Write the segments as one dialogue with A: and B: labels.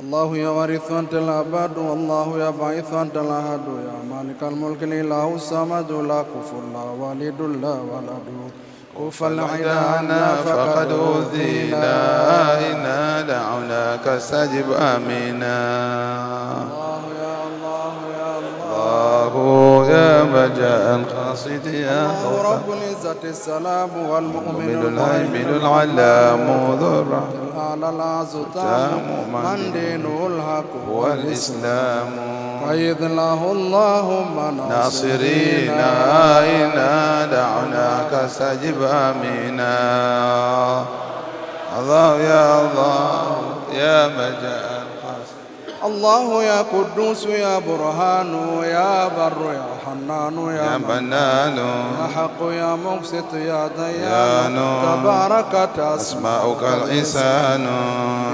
A: الله يا وارث أنت العباد والله باعث أنت الأحد يا مالك الملك الإله الصمد لا كفر لا والد لا ولد كف العدانا فقد أوذينا إنا دعوناك استجب آمينا الله يا مجاء القاصد يا رب العزة السلام والمؤمن الهيمن العلام ذو الرحمة الأعلى العز من دينه الحق والإسلام الإسلام الله اللهم ناصرينا إنا دعناك سجب آمينا الله يا الله يا مجاء القاصد الله يا قدوس يا برهان يا بر يا حنان يا, يا منان يا حق يا مقسط يا ديان تباركت أسماؤك الإنسان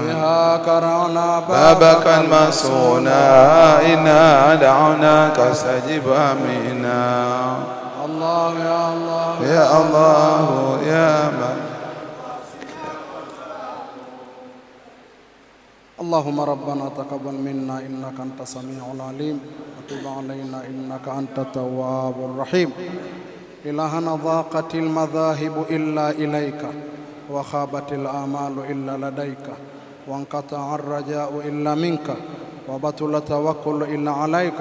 A: بها كرعنا بابك المصونا إنا دعوناك استجب آمنا الله يا الله يا الله يا اللهم ربنا تقبل منا إنك أنت سميع العليم وتب علينا إنك أنت التواب الرحيم إلهنا ضاقت المذاهب إلا إليك وخابت الآمال إلا لديك وانقطع الرجاء إلا منك وبطل التوكل إلا عليك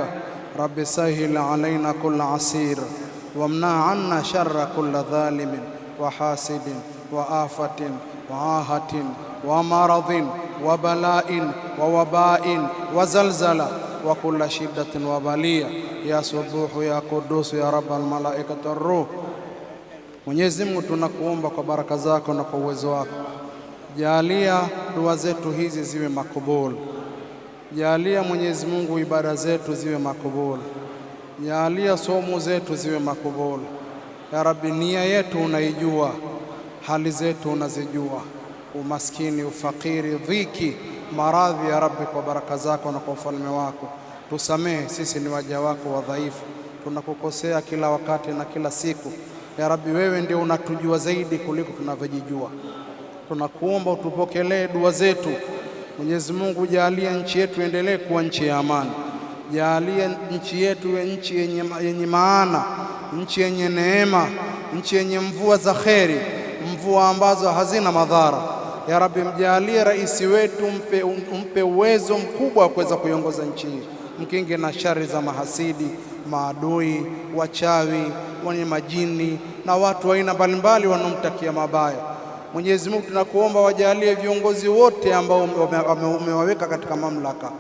A: رب سهل علينا كل عسير وامنع عنا شر كل ظالم وحاسد وآفة وعاهة ومرض wa bala'in wa waba'in wa zalzala wa kulla shiddatin wa Ya subuhu ya kudusu ya rabbal malaikati waruh. Mwenyezi Mungu, tunakuomba kwa baraka zako na kwa uwezo wako, jaalia dua zetu hizi ziwe makubul Jaalia Mwenyezi Mungu ibada zetu ziwe makubuli. Jaalia somo zetu ziwe makubuli. Ya Rabbi, nia yetu unaijua, hali zetu unazijua umaskini, ufakiri, dhiki, maradhi. Ya Rabbi, kwa baraka zako na kwa ufalme wako tusamehe, sisi ni waja wako wadhaifu, tunakukosea kila wakati na kila siku. Ya Rabbi, wewe ndio unatujua zaidi kuliko tunavyojijua. Tunakuomba utupokelee dua zetu. Mwenyezi Mungu, jaalia nchi yetu endelee kuwa nchi ya amani, jaalie nchi yetu iwe nchi yenye, yenye maana, nchi yenye neema, nchi yenye mvua za kheri, mvua ambazo hazina madhara ya Rabbi, mjalie rais wetu, mpe, mpe uwezo mkubwa wa kuweza kuiongoza nchi hii, mkinge na shari za mahasidi, maadui, wachawi, wenye majini na watu wa aina mbalimbali wanaomtakia mabaya. Mwenyezi Mungu, tunakuomba wajalie viongozi wote ambao umewaweka katika mamlaka,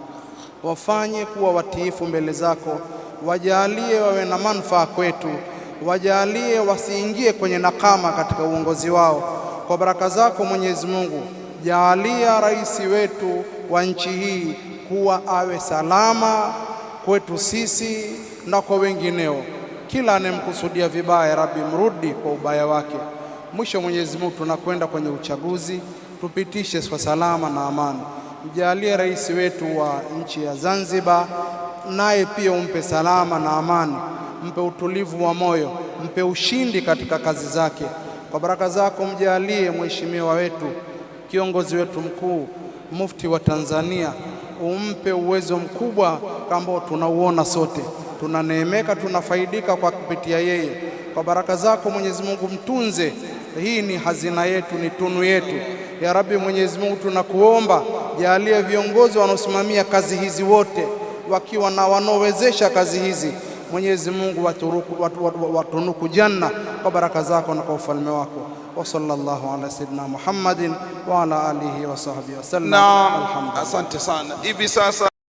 A: wafanye kuwa watiifu mbele zako, wajalie wawe na manufaa kwetu, wajalie wasiingie kwenye nakama katika uongozi wao kwa baraka zako Mwenyezi Mungu, jaalia rais wetu wa nchi hii kuwa awe salama kwetu sisi na kwa wengineo. Kila anemkusudia vibaya, Rabbi mrudi kwa ubaya wake. Mwisho Mwenyezi Mungu, tunakwenda kwenye uchaguzi, tupitishe kwa salama na amani. Mjaalie rais wetu wa nchi ya Zanzibar, naye pia umpe salama na amani, mpe utulivu wa moyo, mpe ushindi katika kazi zake. Kwa baraka zako mjalie mheshimiwa wetu kiongozi wetu mkuu mufti wa Tanzania, umpe uwezo mkubwa ambao tunauona sote, tunaneemeka, tunafaidika kwa kupitia yeye. Kwa baraka zako Mwenyezi Mungu mtunze, hii ni hazina yetu, ni tunu yetu. Ya Rabbi Mwenyezi Mungu, tunakuomba jalie viongozi wanaosimamia kazi hizi wote wakiwa na wanaowezesha kazi hizi Mwenyezi Mungu waturuku, watu, watu, watunuku janna kwa baraka zako na kwa ufalme wako. Wa sallallahu ala sayyidina Muhammadin wa ala alihi wa sahbihi wasallam.
B: Asante sana. Hivi sasa